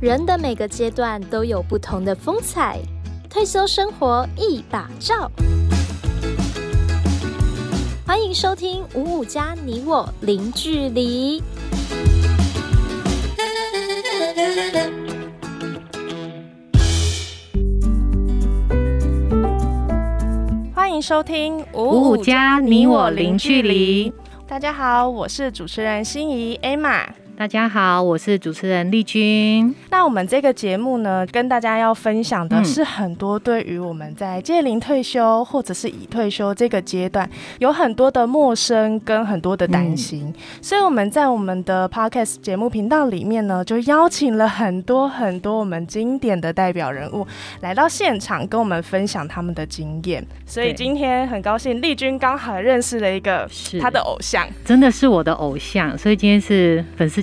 人的每個階段都有不同的風采，退休生活一把照。歡迎收聽五五加你我齡距離。歡迎收聽五五加你我齡距離。五五加你我齡距離。大家好，我是主持人馨儀艾瑪。Emma。大家好，我是主持人麗君。那我們這個節目呢，跟大家要分享的是很多對於我們在屆齡退休或者是已退休這個階段，有很多的陌生跟很多的擔心。嗯。所以我們在我們的 Podcast 節目頻道裡面呢，就邀請了很多很多我們經典的代表人物來到現場，跟我們分享他們的經驗。所以今天很高興，麗君剛好認識了一個她的偶像，真的是我的偶像。所以今天是粉絲。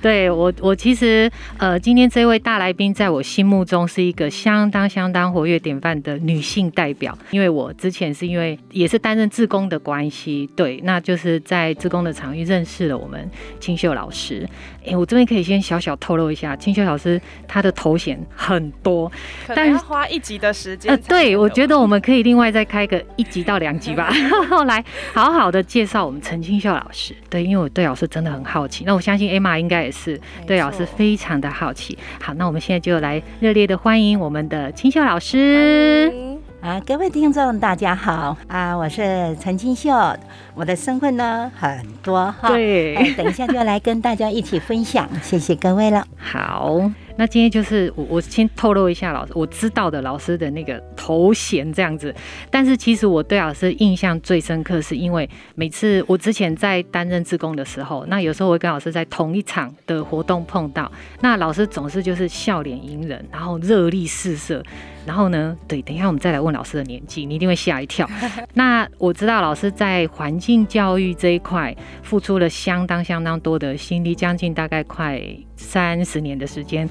對我，我其實呃，今天這位大來賓在我心目中是一個相當相當活躍典範的女性代表，因為我之前是因為也是擔任志工的關係，對，那就是在志工的場域認識了我們青秀老師。哎，我這邊可以先小小透露一下，青秀老師她的頭銜很多，但要花一集的時間。呃，對，我覺得我們可以另外再開個一集到兩集吧， 後來好好的介紹我們陳青秀老師。對，因為我對老師真的很好奇，那我相信艾瑪應該。是對老師非常的好奇，好，那我們現在就來熱烈的歡迎我們的青秀老師。啊，各位聽眾大家好啊，我是陳青秀，我的身份呢很多哈，對、啊，等一下就來跟大家一起分享， 謝謝各位了。好。那今天就是我，我先透露一下老師，我知道的老師的那個頭銜這樣子。但是其實我對老師印象最深刻，是因為每次我之前在擔任志工的時候，那有時候我會跟老師在同一場的活動碰到，那老師總是就是笑臉迎人，然後熱力四射。然後呢，對，等一下我們再來問老師的年紀，你一定會嚇一跳。那我知道老師在環境教育這一塊付出了相當相當多的心力，將近大概快三十年的時間。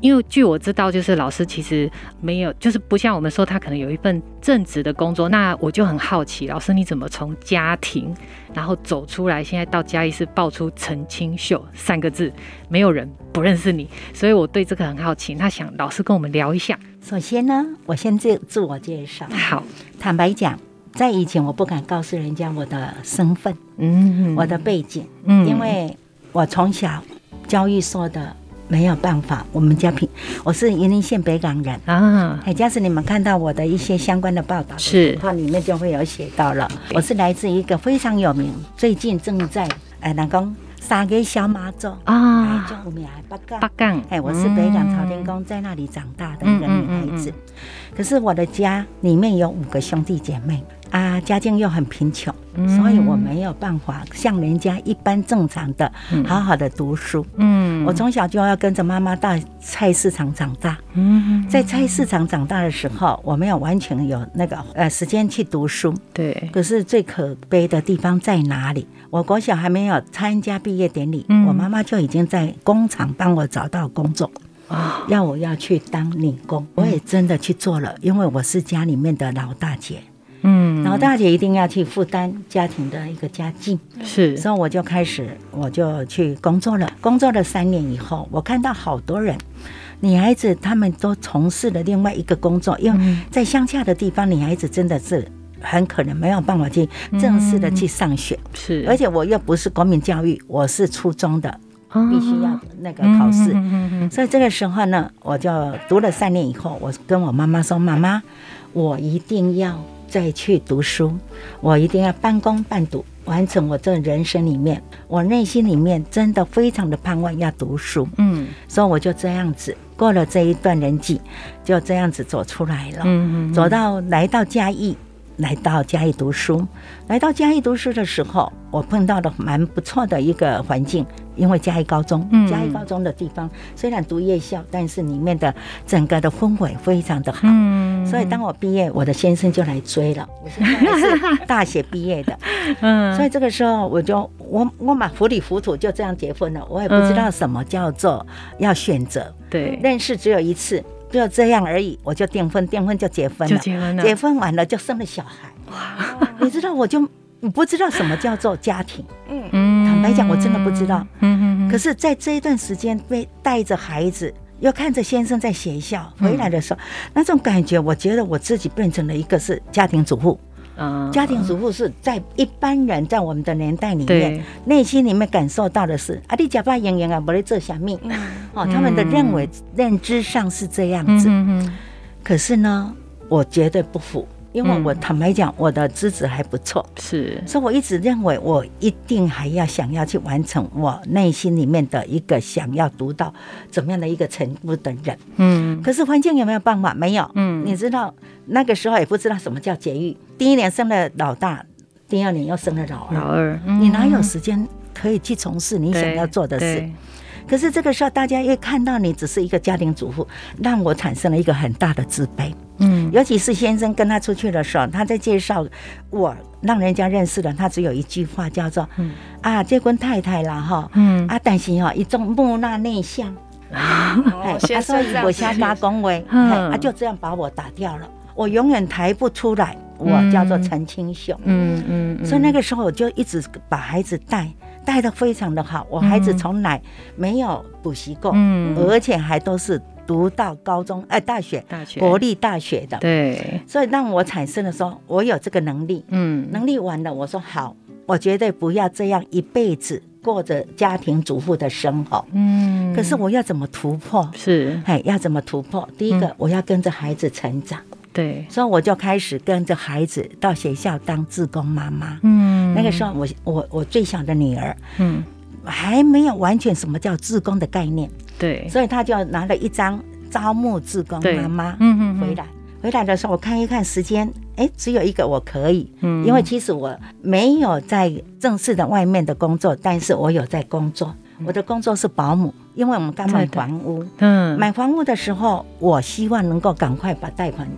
因為據我知道，就是老師其實沒有，就是不像我們說他可能有一份正職的工作。那我就很好奇，老師你怎麼從家庭然後走出來，現在到嘉義市爆出陳青秀三個字，沒有人不認識你，所以我對這個很好奇。他想老師跟我們聊一下。首先呢，我先自自我介紹。好，坦白講，在以前我不敢告訴人家我的身份，嗯哼，我的背景，嗯，因為我從小教育說的。沒有辦法，我們家平，我是雲林縣北港人啊。哎、uh，假、huh. 使你們看到我的一些相關的報道的，是，它裡面就會有寫到了。我是來自一個非常有名，最近正在，呃三小 uh huh. 哎，南公，沙崙小媽祖啊，這種有名還北港，北港，北港哎，我是北港朝天宮在那裡長大的一個女孩子，uh huh. 可是我的家裡面有五個兄弟姐妹。啊，家境又很貧窮，所以我沒有辦法像人家一般正常的、好好的讀書。嗯，我從小就要跟着媽媽到菜市場長大。嗯，在菜市場長大的時候，我沒有完全有那個呃時間去讀書。對。可是最可悲的地方在哪裡？我國小還沒有參加畢業典禮，我媽媽就已經在工廠幫我找到工作，啊，要我要去當女工。我也真的去做了，因為我是家裡面的老大姐。嗯，然後大姐一定要去負擔家庭的一個家境，是，所以我就開始我就去工作了。工作了三年以後，我看到好多人女孩子他們都從事了另外一個工作，因為在鄉下的地方，女孩子真的是很可能沒有辦法去正式的去上學，是。而且我又不是國民教育，我是初中的，必須要那個考試。嗯。所以這個時候呢，我就讀了三年以後，我跟我媽媽說：“媽媽，我一定要。”再去讀書，我一定要半工半讀完成我這人生裡面，我內心裡面真的非常的盼望要讀書，嗯，所以我就這樣子過了這一段年紀，就這樣子走出來了，嗯，嗯嗯，走到來到嘉義，來到嘉義讀書，來到嘉義讀書的時候，我碰到了蠻不錯的一個環境。因為嘉義高中，嘉義高中的地方、嗯、雖然讀夜校，但是裡面的整個的氛圍非常的好。嗯，所以當我畢業，我的先生就來追了。我現在是大學畢業的，嗯，所以這個時候我就我我嘛糊裡糊塗就這樣結婚了。我也不知道什麼叫做要選擇，對、嗯，認識只有一次，就這樣而已。我就訂婚，訂婚就結婚，結婚了。結婚了，結婚完了就生了小孩。哇，你知道我就不知道什麼叫做家庭，嗯。嗯來講我真的不知道，嗯，可是，在這一段時間被帶着孩子，又看着先生在學校，回來的時候，嗯、那種感覺，我覺得我自己變成了一個是家庭主婦，嗯、家庭主婦是在一般人在我們的年代裡面，對內心裡面感受到的是，啊你食飽閒閒啊，無咧做啥物，嗯、哦，他們的認為認知上是這樣子，嗯，嗯，可是呢，我絕對不服。因為我坦白講，嗯、我的資質還不錯，是，所以我一直認為我一定還要想要去完成我內心裡面的一個想要讀到怎麼樣的一個程度的人。嗯，可是環境有沒有辦法？沒有。嗯，你知道那個時候也不知道什麼叫節育，第一年生了老大，第二年又生了老老二，嗯、你哪有時間可以去從事你想要做的事？可是這個時候，大家一看到你只是一個家庭主婦，讓我產生了一個很大的自卑。嗯，尤其是先生跟他出去的時候，他在介紹我讓人家認識的，他只有一句話叫做：“嗯啊，結婚太太了哈。”嗯，啊，擔心啊，一種木訥內向、哎。啊，他說：“我先發工位。”嗯，就這樣把我打掉了。我永遠抬不出來。我叫做陳青秀。嗯嗯。所以那個時候我就一直把孩子帶。帶得非常的好，我孩子從來沒有補習過，嗯，而且還都是讀到高中，哎，大學、大學國立大學的，對，所以讓我產生了說，我有這個能力，嗯，能力完了，我說好，我絕對不要這樣一輩子過着家庭主婦的生活，嗯，可是我要怎麼突破？是，哎，要怎麼突破？第一個，我要跟着孩子成長。嗯對，所以我就開始跟着孩子到學校當志工媽媽。嗯，那個時候我我我最小的女兒，嗯，還沒有完全什麼叫志工的概念。對，所以他就拿了一張招募志工媽媽，嗯嗯，回來回來的時候我看一看時間，哎，只有一個我可以，嗯，因為其實我沒有在正式的外面的工作，但是我有在工作，嗯、我的工作是保姆，因為我們剛買房屋，對對嗯，買房屋的時候我希望能夠趕快把貸款。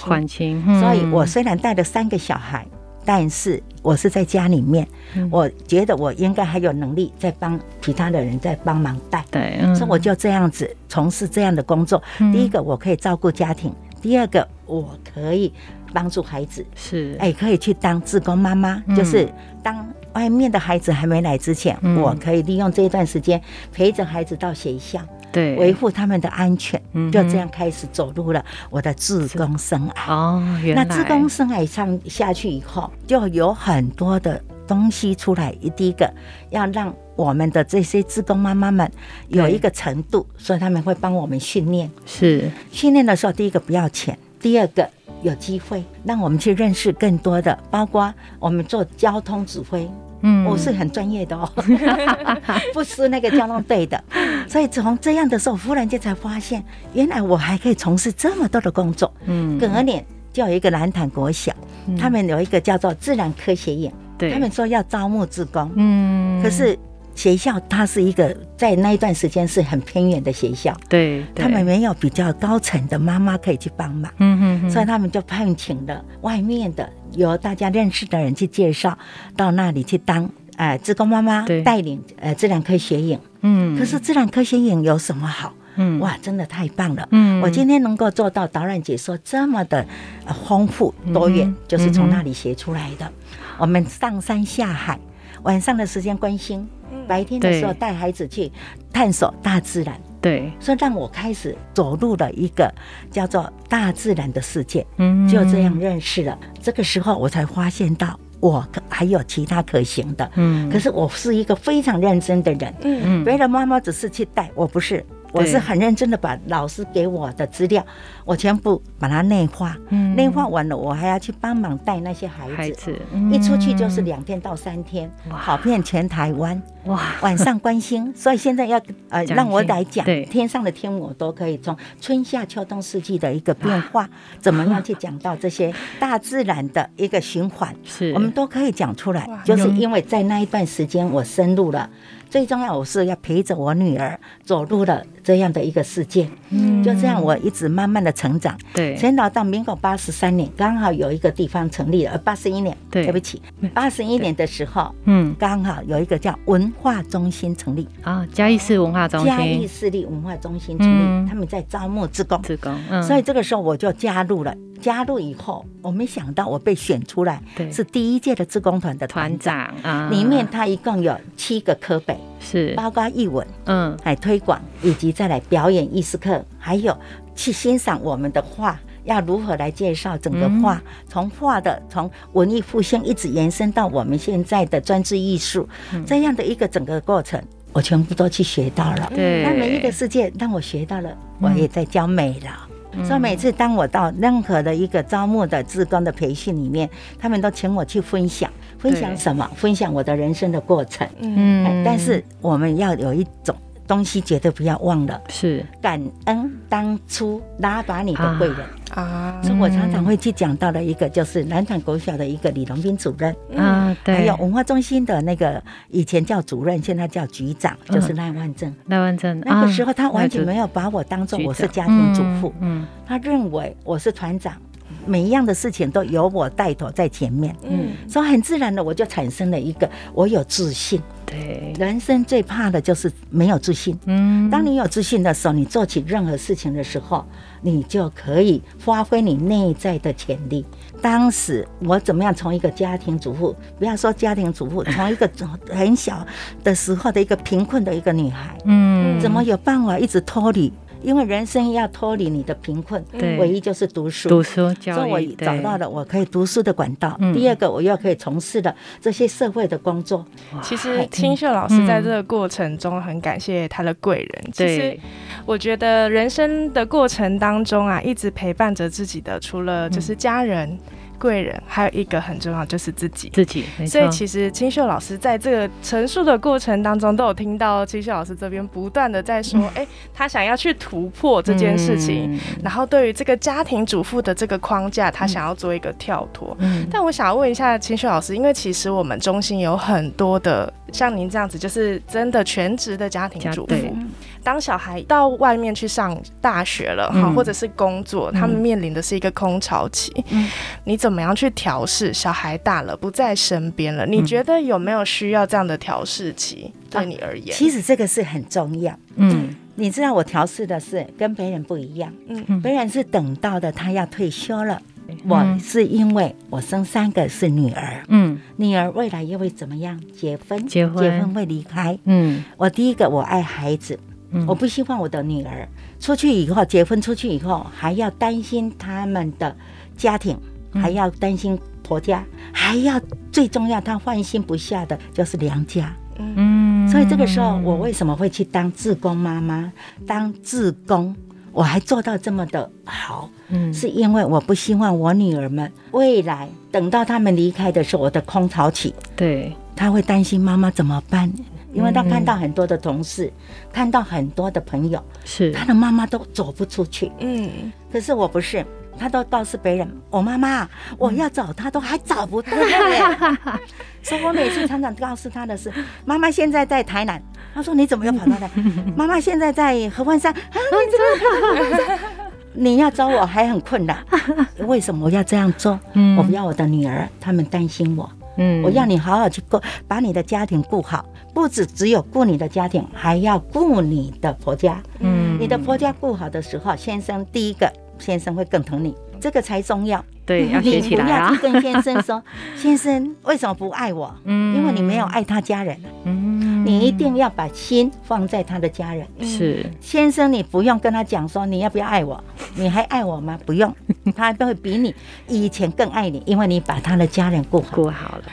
還清、嗯、所以，我雖然帶了三個小孩，但是我是在家裡面，嗯、我覺得我應該還有能力再幫其他的人在幫忙帶。對，嗯、所以我就這樣子從事這樣的工作。嗯、第一個，我可以照顧家庭，第二個，我可以幫助孩子，是，哎，欸、可以去當志工媽媽，嗯、就是當外面的孩子還沒來之前，嗯、我可以利用這一段時間陪着孩子到學校，對維護他們的安全，就這樣開始走入了我的志工生涯。哦，原來。那志工生涯上下去以後，就有很多的東西出來。第一個要讓我們的這些志工媽媽們有一個程度，對所以他們會幫我們訓練。是。訓練的時候，第一個不要錢，第二個有機會讓我們去認識更多的，包括我們做交通指揮。嗯、我是很專業的哦、喔， 不是那個交通隊的，所以從這樣的時候，忽然間才發現，原來我還可以從事這麼多的工作。嗯，隔年就有一個蘭潭國小，他們有一個叫做自然科學院，他們說要招募志工。嗯，可是。學校它是一個在那一段時間是很偏遠的學校，對，對，他們沒有比較高層的媽媽可以去幫忙，嗯哼、嗯，所以他們就聘請了外面的由大家認識的人去介紹到那裡去當呃志工媽媽帶領對，呃自然科學營。嗯，可是自然科學營有什麼好？嗯，哇，真的太棒了，嗯，我今天能夠做到導覽解說這麼的豐富多元，嗯嗯，就是從那裡學出來的。嗯嗯嗯，我們上山下海，晚上的時間關心。白天的時候帶孩子去探索大自然，對，所以讓我開始走入了一個叫做大自然的世界，嗯對，就這樣認識了。這個時候我才發現到我還有其他可行的，嗯對，可是我是一個非常認真的人，嗯嗯對，別的媽媽只是去帶，我不是。我是很認真的把老師給我的資料，我全部把它內化。內化完了，我還要去幫忙帶那些孩子。孩子，一出去就是兩天到三天，跑遍全台灣。哇！晚上觀星。所以現在要呃讓我來講天上的天，我都可以從春夏秋冬四季的一個變化，怎麼樣去講到這些大自然的一個循環，我們都可以講出來。就是因為在那一段時間，我深入了。最重要，我是要陪着我女兒走入了這樣的一個世界，嗯、就這樣我一直慢慢的成長。對，直到到民國八十三年，剛好有一個地方成立了八十一年，對，對不起，八十一年的時候，嗯，剛好有一個叫文化中心成立啊，嘉義市文化中心，嘉義市立文化中心成立，嗯、他們在招募志工，志工，嗯、所以這個時候我就加入了。加入以後，我沒想到我被選出來，是第一屆的志工團的團長。啊，嗯、裡面他一共有七個科別是包括藝文，嗯，來推廣，以及再來表演藝術課，還有去欣賞我們的畫，要如何來介紹整個畫，嗯、從畫的從文藝復興一直延伸到我們現在的專制藝術，嗯、這樣的一個整個過程，我全部都去學到了。對，那每一個世界當我學到了，我也在教美了。嗯嗯所以每次當我到任何的一個招募的志工的培訓裡面，他們都請我去分享，分享什麼？對分享我的人生的過程。嗯，但是我們要有一種。東西絕對不要忘了，是感恩當初拉拔你的貴人啊！啊所以我常常會去講到的一個，就是南廠國小的一個李隆斌主任、嗯、啊，對還有文化中心的那個以前叫主任，現在叫局長，嗯、就是賴萬正。賴萬正那個時候他完全沒有把我當做我是家庭主婦，嗯嗯、他認為我是團長。每一樣的事情都由我帶頭在前面，嗯，所以很自然的我就產生了一個我有自信。對，人生最怕的就是沒有自信。嗯，當你有自信的時候，你做起任何事情的時候，你就可以發揮你內在的潛力。當時我怎麼樣從一個家庭主婦，不要說家庭主婦，從一個很很小的時候的一個貧困的一個女孩，嗯，怎麼有辦法一直脫離？因為人生要脫離你的貧困，嗯、唯一就是讀書。對讀書，這我找到了我可以讀書的管道。對第二個，我又可以從事的這些社會的工作。嗯、哇其實青秀老師在這個過程中很感謝他的貴人。嗯、其實我覺得人生的過程當中啊，一直陪伴着自己的，除了就是家人。嗯貴人，還有一個很重要就是自己自己，所以其實青秀老師在這個陳述的過程當中，都有聽到青秀老師這邊不斷的在說，哎、嗯欸，他想要去突破這件事情，嗯、然後對於這個家庭主婦的這個框架，他想要做一個跳脫。嗯、但我想要問一下青秀老師，因為其實我們中心有很多的。像您這樣子，就是真的全職的家庭主婦。的當小孩到外面去上大學了，哈、嗯，或者是工作，他們面臨的是一個空巢期。嗯，你怎麼樣去調適？小孩大了，不在身邊了，你覺得有沒有需要這樣的調適期？嗯、對你而言、啊，其實這個是很重要。嗯，嗯，你知道我調適的是跟別人不一樣。嗯，別人是等到的他要退休了。我是因為我生三個是女兒，嗯，女兒未來又會怎麼樣結婚，結婚,結婚會離開，嗯，我第一個我愛孩子，嗯、我不希望我的女兒出去以後結婚，出去以後,去以後還要擔心他們的家庭，嗯、還要擔心婆家，還要最重要她放心不下的就是娘家，嗯，所以這個時候我為什麼會去當志工媽媽，當志工？我還做到這麼的好，嗯，是因為我不希望我女兒們未來等到他們離開的時候，我的空巢期，對，她會擔心媽媽怎麼辦，因為她看到很多的同事，嗯、看到很多的朋友，是她的媽媽都走不出去，嗯，可是我不是。他都告訴別人，我媽媽，嗯、我要找他都還找不到。所以 我每次常常告訴他的是，媽媽現在在台南。他說你怎麼又跑到來？ 媽媽現在在合歡山、啊。你怎麼跑？ 你要找我還很困難。為什麼我要這樣做？嗯、我不要我的女兒，他們擔心我。嗯、我要你好好去顧，把你的家庭顧好，不止只,只有顧你的家庭，還要顧你的婆家。嗯、你的婆家顧好的時候，先生第一個。先生會更疼你，這個才重要。對，嗯、要學起來，啊、你不要跟先生說， 先生為什麼不愛我？嗯、因為你沒有愛他家人。嗯、你一定要把心放在他的家人。嗯、是，先生，你不用跟他講說你要不要愛我，你還愛我嗎？ 不用，他都會比你以前更愛你，因為你把他的家人顧好，顧好了。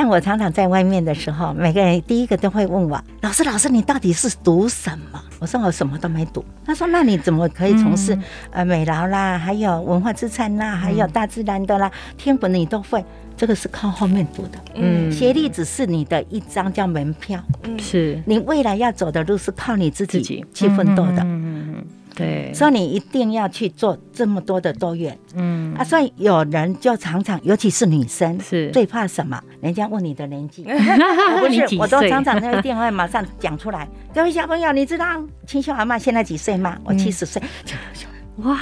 像我常常在外面的時候，每個人第一個都會問我：“老師，老師，你到底是讀什麼？”我說：“我什麼都沒讀。”他說：“那你怎麼可以從事呃美勞啦，還有文化資產啦，嗯、還有大自然的啦、天文的你都會？這個是靠後面讀的。嗯，學歷只是你的一張叫門票。嗯，是你未來要走的路是靠你自己去奮鬥的。嗯嗯嗯。嗯嗯嗯嗯對，所以你一定要去做這麼多的多元。嗯，啊，所以有人就常常，尤其是女生，是最怕什麼？人家問你的年紀，不 是， 你幾歲我都常常在電話馬上講出來，各 位小朋友，你知道青秀阿嬤現在幾歲嗎？嗯、我七十歲。 哇！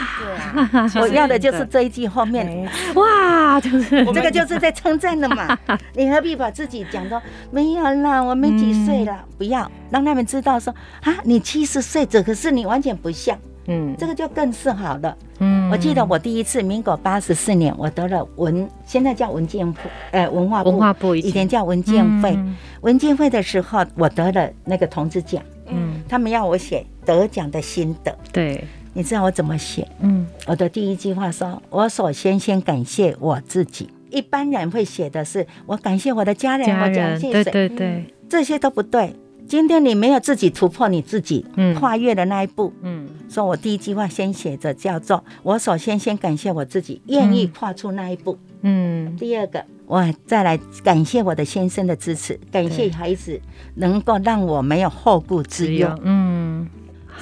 我要的就是這一句後面，哇，就是這個就是在稱讚的嘛。你何必把自己講到沒有啦，我們幾歲啦，不要讓他們知道說啊，你七十歲，這可是你完全不像。嗯，這個就更是好了。嗯，我記得我第一次民國八十四年，我得了文，現在叫文建部，文化文化部以前叫文建會。文建會的時候，我得了那個同志獎。嗯，他們要我寫得獎的心得。對。你知道我怎麼寫？嗯，我的第一句話說，我首先先感謝我自己。一般人會寫的是，我感謝我的家人，家人我感謝誰，對對對。嗯，這些都不對。今天你沒有自己突破你自己，跨越的那一步。嗯，嗯，所以我第一句話先寫着叫做，我首先先感謝我自己，願意跨出那一步。嗯，嗯，第二個，我再來感謝我的先生的支持，感謝孩子能夠讓我沒有後顧之憂。嗯。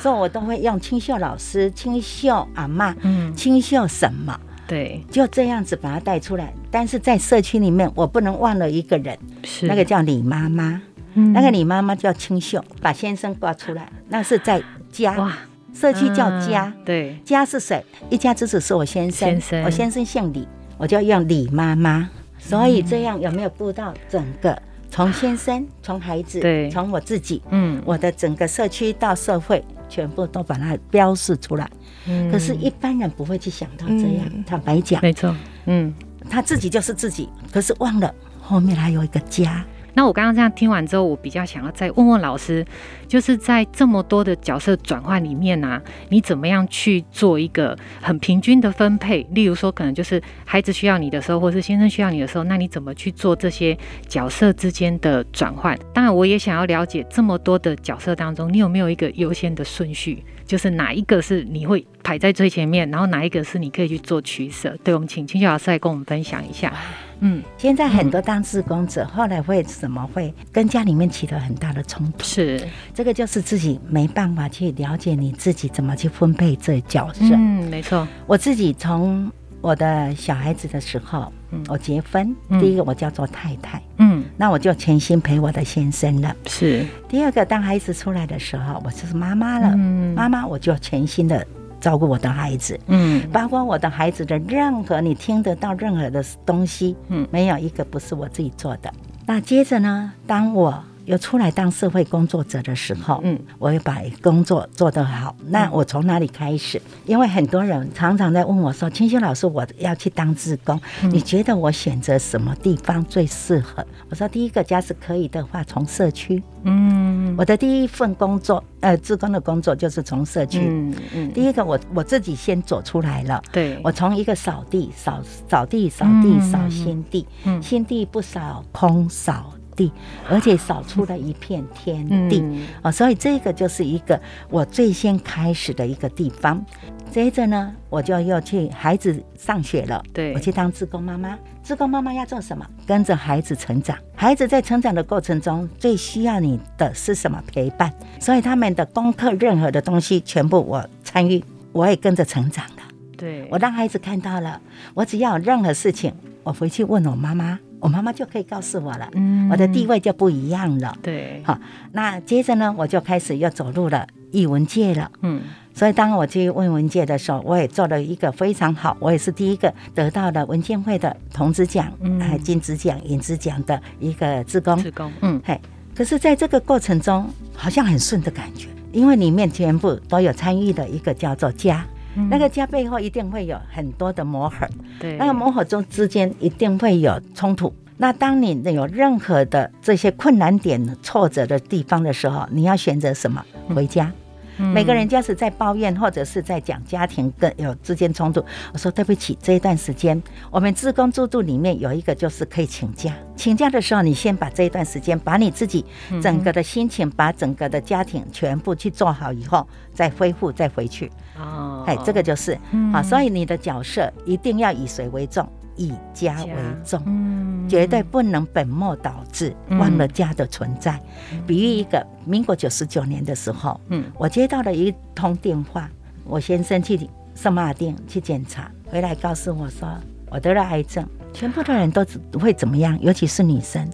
所以，我都會用青秀老師、青秀阿嬤，嗯，青秀什麼？對，就這樣子把它帶出來。但是在社區裡面，我不能忘了一個人，是那個叫李媽媽。嗯，那個李媽媽叫青秀，把先生掛出來。那是在家，哇社區叫家。啊、對，家是誰？一家之主是我先生。先生，我先生姓李，我就要用李媽媽。所以這樣有沒有顧到整個？從先生，從孩子，對，從我自己，嗯，我的整個社區到社會。全部都把它標示出來，嗯、可是一般人不會去想到這樣。嗯、坦白講，沒錯，嗯，他自己就是自己，可是忘了後面還有一個家。那我剛剛這樣聽完之後，我比較想要再問問老師，就是在這麼多的角色轉換裡面呢、啊，你怎麼樣去做一個很平均的分配？例如說，可能就是孩子需要你的時候，或是先生需要你的時候，那你怎麼去做這些角色之間的轉換？當然，我也想要了解這麼多的角色當中，你有沒有一個優先的順序？就是哪一個是你會排在最前面，然後哪一個是你可以去做取捨？對，我們請青秀老師來跟我們分享一下。嗯，嗯，現在很多當志工者，後來會怎麼會跟家裡面起了很大的衝突？是，這個就是自己沒辦法去了解你自己怎麼去分配這角色。嗯，沒錯。我自己從我的小孩子的時候，嗯、我結婚，嗯、第一個我叫做太太，嗯，那我就全心陪我的先生了。是。第二個，當孩子出來的時候，我就是媽媽了，媽媽、嗯、我就全心的。照顧我的孩子，嗯，包括我的孩子的任何，你聽得到任何的東西，嗯，沒有一個不是我自己做的。那接着呢，當我有出來當社會工作者的時候，嗯，我要把工作做得好。嗯、那我從哪裡開始？因為很多人常常在問我說：“青秀老師，我要去當志工，嗯、你覺得我選擇什麼地方最適合？”我說：“第一個家是可以的話，從社區。”嗯，我的第一份工作，呃，志工的工作就是從社區、嗯。嗯嗯，第一個我我自己先走出來了。對，我從一個掃地、掃掃地、掃地、掃心地，嗯嗯、心地不掃空掃。地，而且掃出了一片天地啊、嗯嗯哦！所以這個就是一個我最先開始的一個地方。接着呢，我就又去孩子上學了。對，我去當志工媽媽，志工媽媽要做什麼？跟着孩子成長。孩子在成長的過程中，最需要你的是什麼？陪伴？所以他們的功課，任何的東西，全部我參與，我也跟着成長的。對，我讓孩子看到了，我只要有任何事情，我回去問我媽媽。我媽媽就可以告訴我了，嗯、我的地位就不一樣了，對，好、哦，那接着呢，我就開始又走入了，藝文界了，嗯，所以當我去問文、文界的時候，我也做了一個非常好，我也是第一個得到了文建會的銅質獎、嗯、金質獎、銀質獎的一個志工，志工，嗯，嘿，可是在這個過程中好像很順的感覺，因為裡面全部都有參與的一個叫做家。那個家背後一定會有很多的磨合，對，那個磨合中之間一定會有衝突。那當你有任何的這些困難點、挫折的地方的時候，你要選擇什麼？回家。每個人，家是在抱怨，或者是在講家庭跟有之間衝突，我說對不起，這一段時間我們志工制度裡面有一個就是可以請假，請假的時候，你先把這一段時間，把你自己整個的心情，把整個的家庭全部去做好以後，再恢復，再回去。哦，哎，這個就是啊，所以你的角色一定要以誰為重？以家為重，嗯，絕對不能本末倒置，忘了家的存在。嗯，比喻一個民國九十九年的時候，嗯，我接到了一通電話，我先生去聖馬爾定去檢查，回來告訴我說。我得了癌症，全部的人都會怎麼樣？尤其是女生，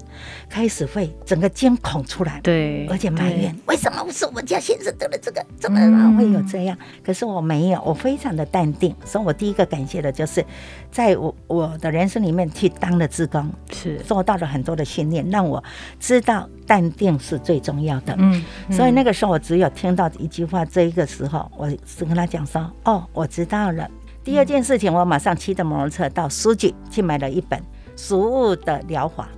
開始會整個驚恐出來，對，而且埋怨對為什麼我說我家先生得了這個？怎麼會有這樣？嗯、可是我沒有，我非常的淡定。所以，我第一個感謝的就是在我我的人生裡面去當了志工，是做到了很多的訓練，讓我知道淡定是最重要的。嗯，嗯，所以那個時候我只有聽到一句話，這一個時候我是跟他講說：“哦，我知道了。”第二件事情，我馬上騎着摩托車到書局去買了一本《食物的療法》。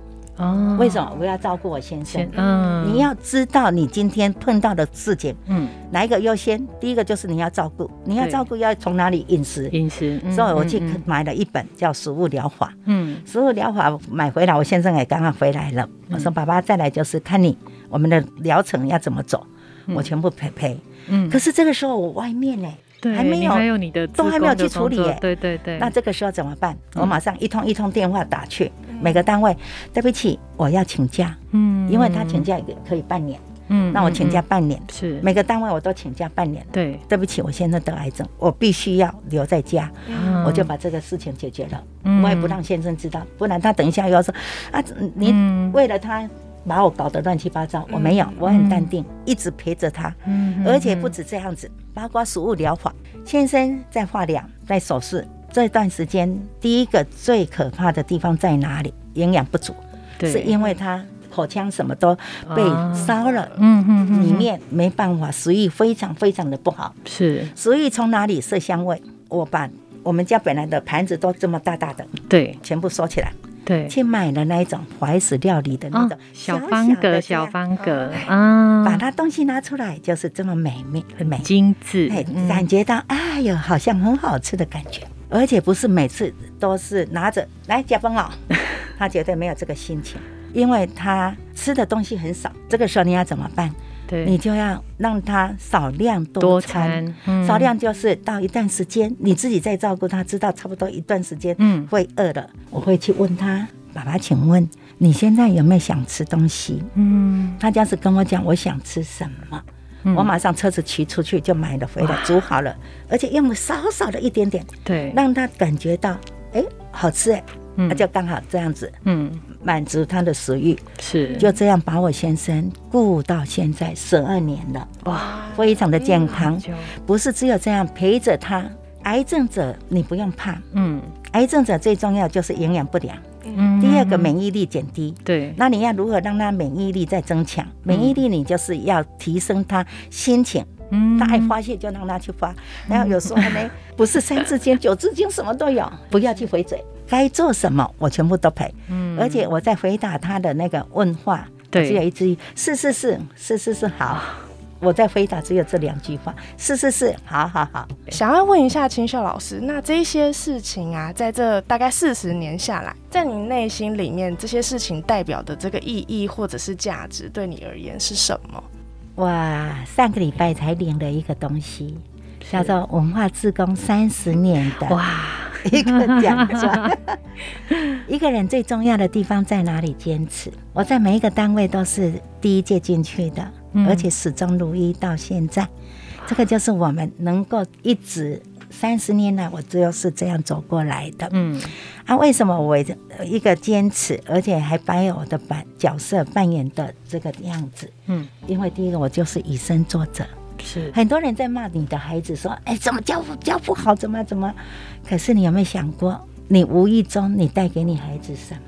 哦，為什麼我要照顧我先生？嗯，你要知道你今天碰到的事情，嗯，哪一個優先？第一個就是你要照顧，你要照顧要從哪裡飲食？飲食。嗯，所以我去買了一本叫《食物療法》。嗯，《食物療法》療法買回來，我先生也剛剛回來了。嗯，我說：“爸爸，再來就是看你我們的療程要怎麼走，嗯，我全部陪陪。”嗯，可是這個時候我外面呢？還沒有，都還沒有去處理耶。對對對，那這個時候怎麼辦？我馬上一通一通電話打去每個單位。對不起，我要請假。嗯，因為他請假也可以半年。嗯，那我請假半年。是每個單位我都請假半年。對，對不起，我先生得癌症，我必須要留在家。我就把這個事情解決了。嗯，我也不讓先生知道，不然他等一下又要說啊，你為了他。把我搞得亂七八糟，嗯、我沒有，我很淡定，嗯、一直陪着他，嗯嗯、而且不止這樣子，包括食物療法，先生在化療，在手術，這段時間第一個最可怕的地方在哪裡？營養不足，對，是因為他口腔什麼都被燒了，嗯嗯、啊、裡面沒辦法，食欲非常非常的不好，是，食欲從哪裡色香味？我把我們家本來的盤子都這麼大大的，對，全部收起來。對，去買了那一種懷石料理的那種小，小，小，的、哦、小方格，小方格，啊、哦，把它東西拿出來，就是這麼美，很美，很精致，哎、嗯，感覺到哎呦，好像很好吃的感覺，而且不是每次都是拿着來，杰峰哦， 他絕對沒有這個心情，因為他吃的東西很少，這個時候你要怎麼辦？對你就要讓他少量多餐，多餐嗯、少量就是到一段時間，你自己在照顧他，知道差不多一段時間會餓了，嗯、我會去問他：“爸爸，請問你現在有沒有想吃東西？”嗯，他這樣子跟我講我想吃什麼，嗯、我馬上車子騎出去就買了回來哇煮好了，而且用了少少的一點點，對，讓他感覺到哎、欸、好吃誒、欸。那就剛好這樣子，嗯，滿足他的食欲，是就這樣把我先生顧到現在十二年了，哇，非常的健康，嗯，不是只有這樣陪着他。癌症者你不用怕，嗯，癌症者最重要就是營養不良，嗯，第二個免疫力減低，對，那你要如何讓他免疫力再增強？免疫力你就是要提升他心情。嗯，他愛發泄就讓他去發，然後有時候呢，嗯嗯、不是三字經 九字經什麼都有，不要去回嘴，該做什麼我全部都陪。嗯，而且我在回答他的那個問話，對，只有一句是是是是是是好，我在回答只有這兩句話是是是好，好好，好。想要問一下青秀老師，那這些事情啊，在這大概四十年下來，在你內心裡面，這些事情代表的這個意義或者是價值，對你而言是什麼？哇，上個禮拜才領了一個東西，是叫做“文化志工三十年的”的哇，一個獎狀。 一個人最重要的地方在哪裡？堅持。我在每一個單位都是第一屆進去的，嗯、而且始終如一到現在。這個就是我們能夠一直。三十年來，我只要是這樣走過來的。嗯，啊，為什麼我一個堅持，而且還扮演我的扮角色扮演的這個樣子？嗯，因為第一個我就是以身作則。是，很多人在罵你的孩子，說：“哎、欸，怎麼教教不好？怎麼怎麼？”可是你有沒有想過，你無意中你帶給你孩子什麼？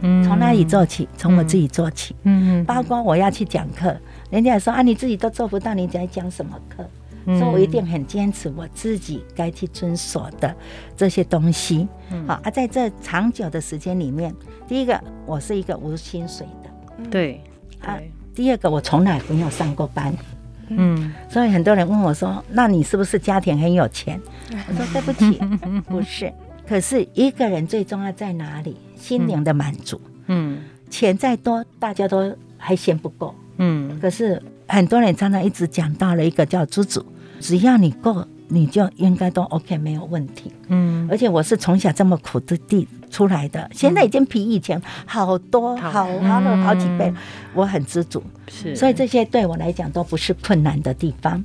嗯，從哪裡做起？從我自己做起。嗯嗯，包括我要去講課，嗯、人家也說：“啊，你自己都做不到，你在講什麼課？”所以我一定很堅持我自己該去遵守的這些東西。好、嗯，而、啊、在這長久的時間裡面，第一個我是一個無薪水的，嗯啊、對，啊，第二個我從來沒有上過班。嗯，所以很多人問我說：“那你是不是家庭很有錢？”嗯、我說：“對不起，嗯、不是。” 可是一個人最重要在哪裡？心靈的滿足。嗯，嗯錢再多，大家都還嫌不夠。嗯，可是很多人常常一直講到了一個叫豬“豬豬只要你夠，你就應該都 OK，沒有問題。嗯，而且我是從小這麼苦的地出來的，嗯、現在已經比以前好多好多了好幾倍，嗯、我很知足。是，所以這些對我來講都不是困難的地方。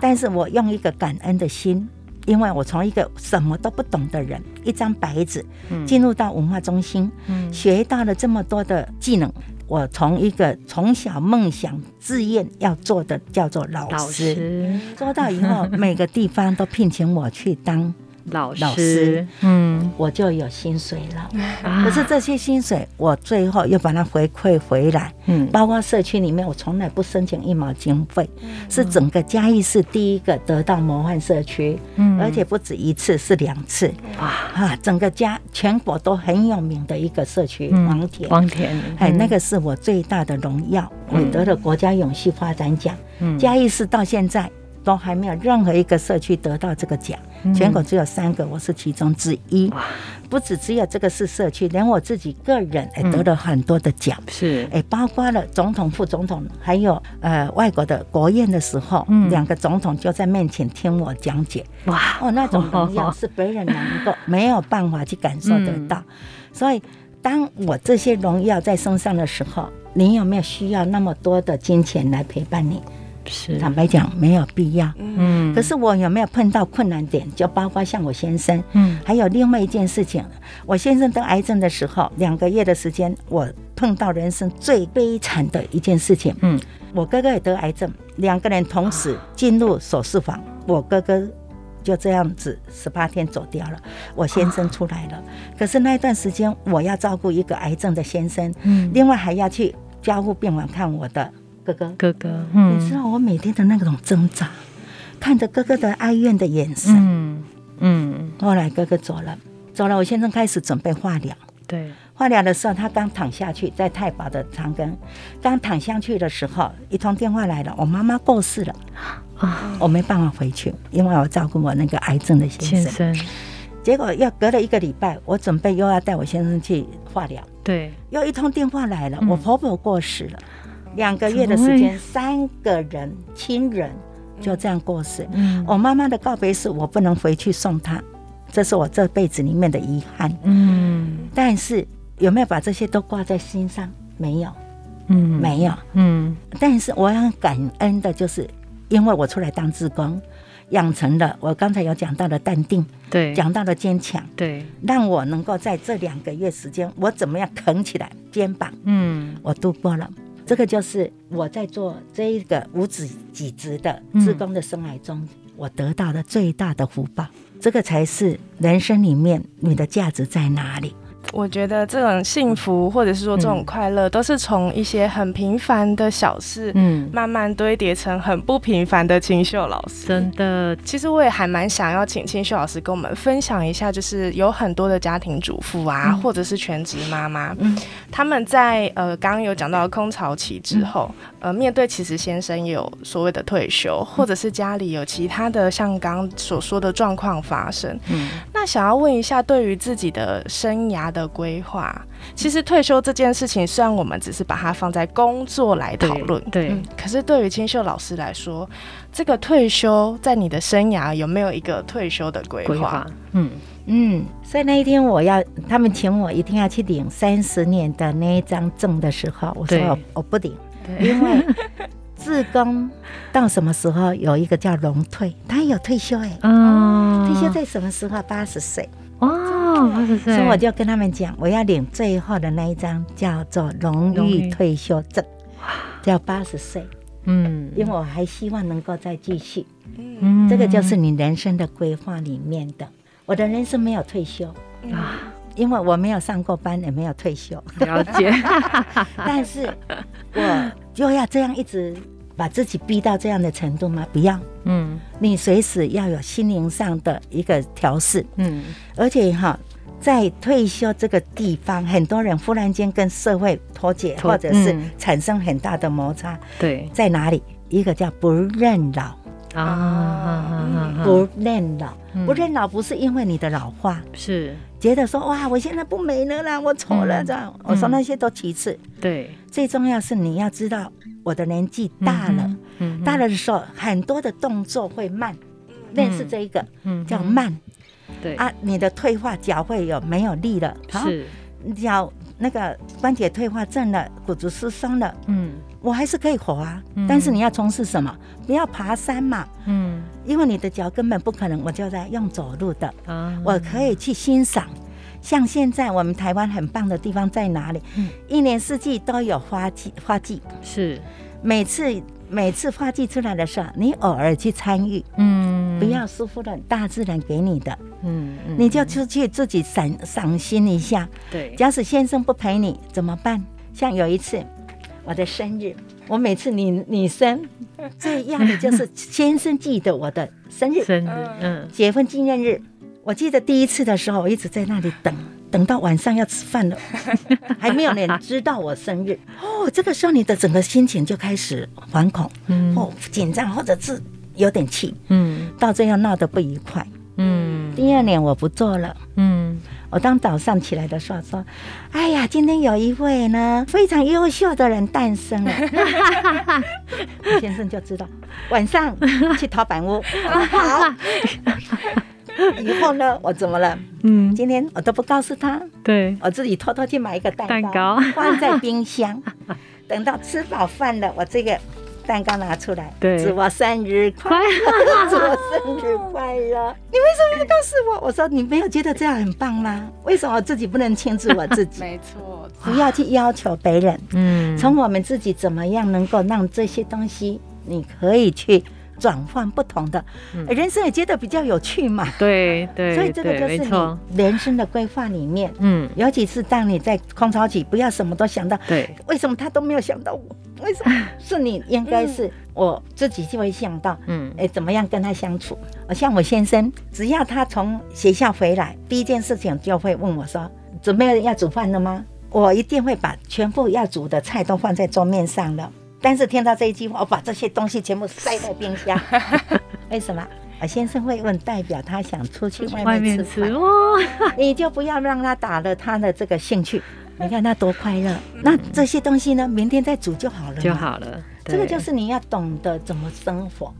但是我用一個感恩的心，因為我從一個什麼都不懂的人，一張白紙，進入到文化中心，嗯、學到了這麼多的技能。我從一個從小夢想、志願要做的叫做老師，做到以後，每個地方都聘請我去當，老師，嗯，我就有薪水了。可是這些薪水，我最後又把它回饋回來。嗯，包括社區裡面，我從來不申請一毛經費，是整個嘉義市第一個得到模範社區，而且不止一次，是兩次。哇哈，整個家全國都很有名的一個社區，王田，王田，哎，那個是我最大的榮耀，我得了國家永續發展獎。嘉義市到現在。都還沒有任何一個社區得到這個獎，全國只有三個，我是其中之一。不只只有這個是社區，連我自己個人也得了很多的獎，是哎，包括了總統、副總統，還有呃外國的國宴的時候，兩個總統就在面前聽我講解。哇！哦，那種榮耀是別人能夠沒有辦法去感受得到。所以當我這些榮耀在身上的時候，你有沒有需要那麼多的金錢來陪伴你？是坦白講沒有必要，嗯，可是我有沒有碰到困難點？就包括像我先生，嗯，還有另外一件事情，我先生得癌症的時候，兩個月的時間，我碰到人生最悲慘的一件事情，嗯，我哥哥也得癌症，兩個人同時進入手術房，啊、我哥哥就這樣子十八天走掉了，我先生出來了，啊、可是那段時間我要照顧一個癌症的先生，嗯，另外還要去加護病房看我的哥哥，哥哥，嗯，你知道我每天的那種掙扎，看着哥哥的哀怨的眼神，嗯嗯。嗯，後來哥哥走了，走了，我先生開始準備化療。對，化療的時候，他剛躺下去在太保的長根，剛躺下去的時候，一通電話來了，我媽媽過世了，啊，我沒辦法回去，因為我照顧我那個癌症的先生。身結果要隔了一個禮拜，我準備又要帶我先生去化療。對，又一通電話來了，嗯、我婆婆過世了。兩個月的時間，三個人親人就這樣過世。嗯，我媽媽的告別式，我不能回去送她，這是我這輩子裡面的遺憾。嗯，但是有沒有把這些都掛在心上？沒有，嗯，沒有，嗯。但是我很感恩的，就是因為我出來當志工，養成了我剛才有講到的淡定，對，講到的堅強，對，讓我能夠在這兩個月時間，我怎麼樣扛起來肩膀？嗯，我度過了。這個就是我在做這一個無給職之的志工的生涯中，嗯、我得到的最大的福報。這個才是人生裡面你的價值在哪裡。我覺得這種幸福，或者是說這種快樂，都是從一些很平凡的小事，嗯，慢慢堆疊成很不平凡的。青秀老師，真的，其實我也還蠻想要請青秀老師跟我們分享一下，就是有很多的家庭主婦啊，嗯、或者是全職媽媽，嗯，他們在呃剛剛有講到空巢期之後，嗯、呃，面對其實先生也有所謂的退休，嗯、或者是家裡有其他的像剛所說的狀況發生，嗯，那想要問一下，對於自己的生涯的。的規劃，其實退休這件事情，雖然我們只是把它放在工作來討論，對，對，可是對於青秀老師來說，這個退休在你的生涯有沒有一個退休的規劃？嗯嗯，所以那一天我要他們請我一定要去領三十年的那一張證的時候，對我說我不領，對因為志工到什麼時候有一個叫榮退，他有退休哎，嗯，退休在什麼時候？八十歲。所以我就跟他們講，我要領最後的那一張，叫做榮譽退休證，叫八十歲。嗯，因為我還希望能夠再繼續。嗯，這個就是你人生的規劃裡面的。我的人生沒有退休啊，因為我沒有上過班，也沒有退休。了解。 但是我就要這樣一直把自己逼到這樣的程度嗎？不要。嗯，你隨時要有心靈上的一個調適。嗯，而且哈。在退休這個地方，很多人忽然間跟社會脫節，或者是產生很大的摩擦。對，在哪裡？一個叫不認老啊，不認老，不認老不是因為你的老化，是覺得說哇，我現在不美了啦，我醜了這樣。我說那些都其次，對，最重要是你要知道，我的年紀大了，大了的時候很多的動作會慢，認識這一個叫慢。對啊，你的退化腳會有沒有力了，是，啊，腳那個關節退化症了，骨質疏鬆了。嗯，我還是可以活啊，嗯，但是你要從事什麼？不要爬山嘛。嗯，因為你的腳根本不可能，我就在用走路的啊，嗯，我可以去欣賞。像現在我們台灣很棒的地方在哪裡？嗯，一年四季都有花季，花季是每次，每次花季出來的時候，你偶爾去參與，嗯，不要舒服了大自然給你的，嗯，嗯你就出去自己賞賞心一下。對，假使先生不陪你怎麼辦？像有一次我的生日，我每次女生 最要的就是先生記得我的生日，生日，嗯，結婚紀念日。我記得第一次的時候，我一直在那裡等。等到晚上要吃飯了，還沒有人知道我生日 哦。這個時候你的整個心情就開始惶恐、或緊張，或者是有點氣，嗯，到最後鬧得不愉快，嗯。第二年我不做了，嗯。我當早上起來的時候說：“哎呀，今天有一位呢非常優秀的人誕生了。” 先生就知道晚上去陶板屋。好。以後呢，我怎麼了？嗯，今天我都不告訴他，對，我自己偷偷去買一個蛋糕，蛋糕放在冰箱， 等到吃飽飯了，我這個蛋糕拿出來，祝對我生日快樂，祝 我生日快樂。 你為什麼不告訴我？我說你沒有覺得這樣很棒嗎？為什麼我自己不能慶祝我自己？沒錯，不要去要求別人。嗯，從我們自己怎麼樣能夠讓這些東西，你可以去。轉換不同的人生也覺得比較有趣嘛？對對，對所以這個就是你人生的規劃裡面，嗯，尤其是當你在空巢期，不要什麼都想到，對，為什麼他都沒有想到我？為什麼是你應是？應該是我自己就會想到，嗯，誒、欸，怎麼樣跟他相處？我像我先生，只要他從學校回來，第一件事情就會問我說：“準備要煮飯了嗎？”我一定會把全部要煮的菜都放在桌面上了。但是聽到這一句話，我把這些東西全部塞在冰箱。 為什麼？我先生會問，代表他想出去外面吃，外面吃哦，你就不要讓他打了他的這個興趣。 你看他多快樂。那這些東西呢，明天再煮就好了。就好了。這個就是你要懂得怎麼生活。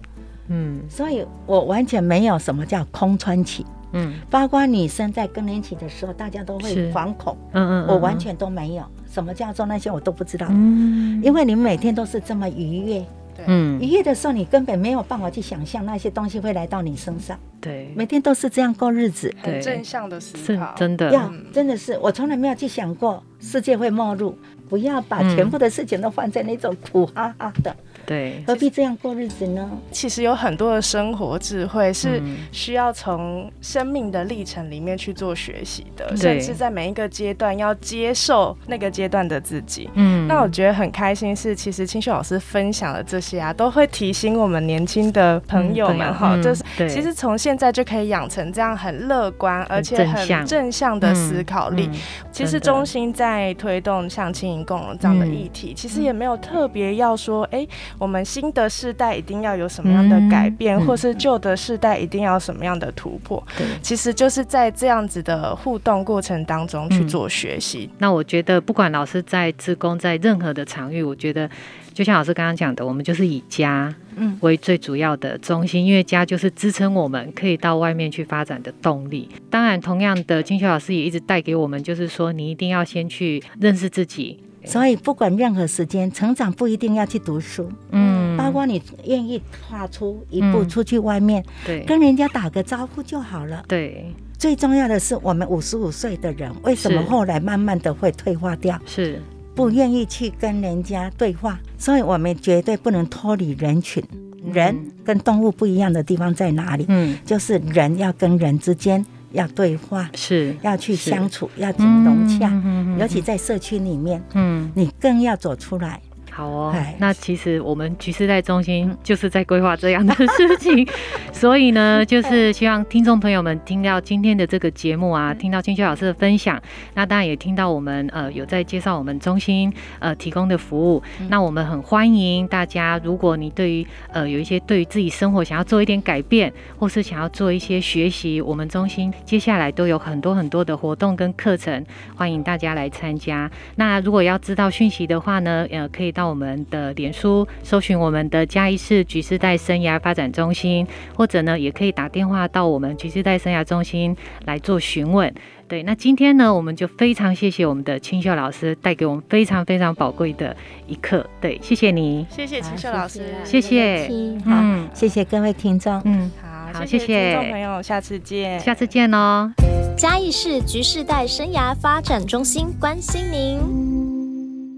嗯。所以我完全沒有什麼叫空窗期。嗯。包括女生在更年期的時候，大家都會惶恐。嗯，嗯嗯。我完全都沒有。什麼叫做那些我都不知道，嗯，因為你每天都是這麼愉悅，對嗯，愉悅的時候你根本沒有辦法去想象那些東西會來到你身上，對，每天都是這樣過日子，對，很正向的思考，是真的，嗯、要真的是我從來沒有去想過世界會末日，不要把全部的事情都放在那種苦哈哈的。嗯對，何必這樣過日子呢？其實有很多的生活智慧是需要從生命的歷程裡面去做學習的，嗯、甚至在每一個階段要接受那個階段的自己。嗯，那我覺得很開心是，其實青秀老師分享的這些啊，都會提醒我們年輕的朋友們哈、嗯嗯，就是其實從現在就可以養成這樣很樂觀而且很正向的思考力。嗯嗯、其實中心在推動像青銀共融這樣的議題，嗯、其實也沒有特別要說哎。欸我們新的世代一定要有什麼樣的改變，嗯、或是舊的世代一定要什麼樣的突破？對、嗯，其實就是在這樣子的互動過程當中去做學習、嗯。那我覺得，不管老師在志工在任何的場域，我覺得就像老師剛剛講的，我們就是以家為最主要的中心，嗯、因為家就是支撐我們可以到外面去發展的動力。當然，同樣的青秀老師也一直帶給我們，就是說你一定要先去認識自己。所以，不管任何時間，成長不一定要去讀書，嗯，包括你願意跨出一步出去外面，嗯、對，跟人家打個招呼就好了。對，最重要的是，我們五十五歲的人為什麼後來慢慢的會退化掉？是不願意去跟人家對話。所以，我們絕對不能脫離人群。嗯、人跟動物不一樣的地方在哪裡？嗯，就是人要跟人之間。要對話是，要去相處，是要講融洽，嗯，尤其在社區裡面，嗯，你更要走出來。好哦，對那其實我們橘世代中心就是在規劃這樣的事情， 所以呢，就是希望聽眾朋友們聽到今天的這個節目啊，對聽到青秀老師的分享，那當然也聽到我們呃有在介紹我們中心呃提供的服務。對那我們很歡迎大家，如果你對於呃有一些對於自己生活想要做一點改變，或是想要做一些學習，我們中心接下來都有很多很多的活動跟課程，歡迎大家來參加。那如果要知道訊息的話呢，呃，可以到。到我們的臉書搜尋我們的嘉義市橘世代生涯發展中心，或者呢，也可以打電話到我們橘世代生涯中心來做詢問。對，那今天呢，我們就非常謝謝我們的青秀老師帶給我們非常非常寶貴的一課。對，謝謝你，謝謝青秀老師，謝謝，嗯，謝謝各位聽眾，嗯，好，好，謝謝聽眾朋友，下次見，下次見哦、喔。嘉義市橘世代生涯發展中心關心您。嗯